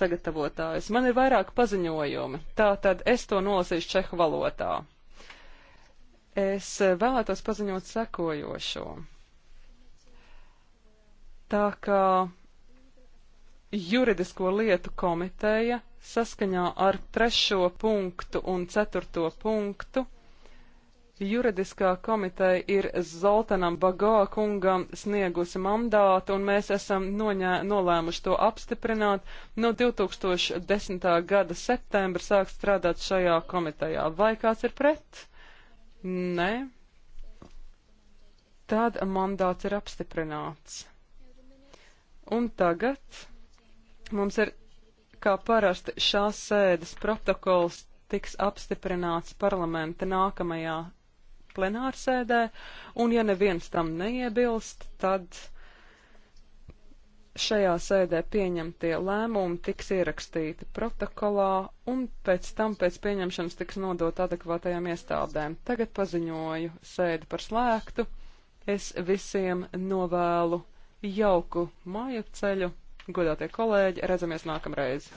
sagatavotājus. Man ir vairāk paziņojumi, tā tad es to nolasīšu čehu valodā. Es eh, vēlētos paziņot sekojošo. Tā kā juridisko lietu komiteja saskaņā ar trešo punktu un ceturto punktu Juridiskā komiteja ir Zoltanam Bagā kungam sniegusi mandātu, un mēs esam noņē, nolēmuši to apstiprināt. No 2010. gada septembra sāk strādāt šajā komitejā. Vai kāds ir pret? Nē. Tad mandāts ir apstiprināts. Un tagad mums ir, kā parasti, šās sēdes protokols tiks apstiprināts parlamenta nākamajā plenārsēdē, un ja neviens tam neiebilst, tad šajā sēdē pieņemtie lēmumi tiks ierakstīti protokolā, un pēc tam pēc pieņemšanas tiks nodot adekvātajām iestādēm. Tagad paziņoju sēdi par slēgtu. Es visiem novēlu jauku māju ceļu, godātie kolēģi, redzamies nākamreiz!